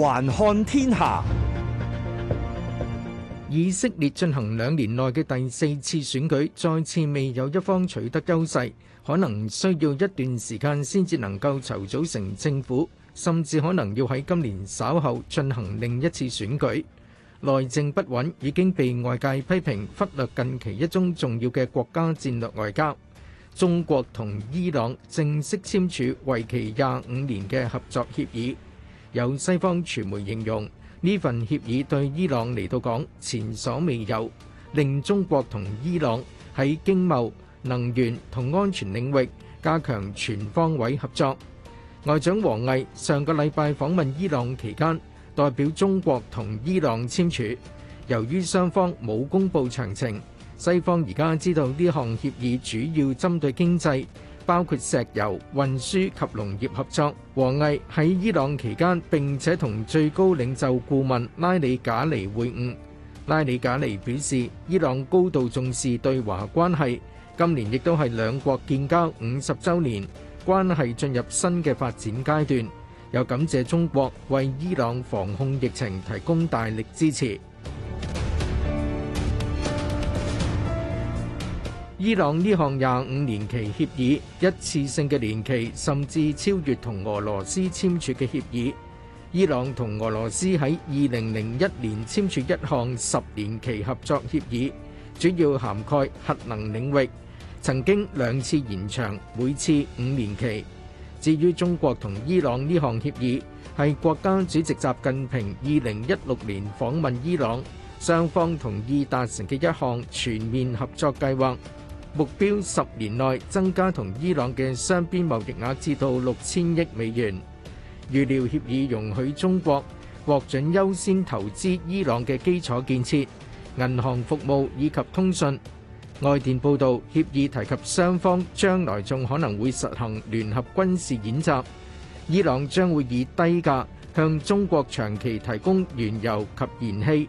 環看天下，以色列進行兩年內嘅第四次選舉，再次未有一方取得優勢，可能需要一段時間先至能夠籌組成政府，甚至可能要喺今年稍後進行另一次選舉。內政不穩已經被外界批評忽略，近期一宗重要嘅國家戰略外交，中國同伊朗正式簽署為期廿五年嘅合作協議。有西方傳媒形容呢份協議對伊朗嚟到講前所未有，令中國同伊朗喺經貿、能源同安全領域加強全方位合作。外長王毅上個禮拜訪問伊朗期間，代表中國同伊朗簽署。由於雙方冇公布詳情，西方而家知道呢項協議主要針對經濟。包括石油運輸及農業合作。王毅喺伊朗期間，並且同最高領袖顧問拉里賈尼會晤。拉里賈尼表示，伊朗高度重視對華關係，今年亦都係兩國建交五十週年，關係進入新嘅發展階段。又感謝中國為伊朗防控疫情提供大力支持。伊朗呢項廿五年期協議，一次性嘅年期甚至超越同俄羅斯簽署嘅協議。伊朗同俄羅斯喺二零零一年簽署一項十年期合作協議，主要涵蓋核能領域，曾經兩次延長，每次五年期。至於中國同伊朗呢項協議，係國家主席習近平二零一六年訪問伊朗，雙方同意達成嘅一項全面合作計劃。目標十年內增加同伊朗嘅雙邊貿易額至到六千億美元。預料協議容許中國獲准優先投資伊朗嘅基礎建設、銀行服務以及通訊。外電報導，協議提及雙方將來仲可能會實行聯合軍事演習。伊朗將會以低價向中國長期提供原油及燃氣。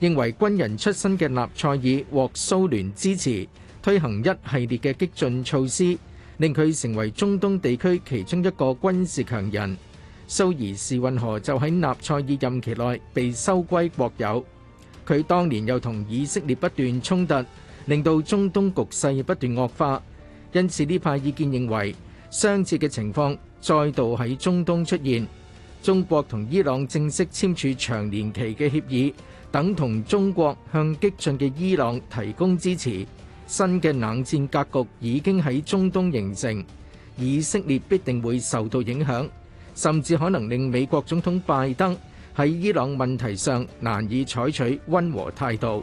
認為軍人出身嘅納賽爾獲蘇聯支持，推行一系列嘅激進措施，令佢成為中東地區其中一個軍事強人。蘇伊士運河就喺納賽爾任期內被收歸國有。佢當年又同以色列不斷衝突，令到中東局勢不斷惡化。因此呢派意見認為，相似嘅情況再度喺中東出現。中國同伊朗正式簽署長年期嘅協議，等同中國向激進嘅伊朗提供支持，新嘅冷戰格局已經喺中東形成，以色列必定會受到影響，甚至可能令美國總統拜登喺伊朗問題上難以採取温和態度。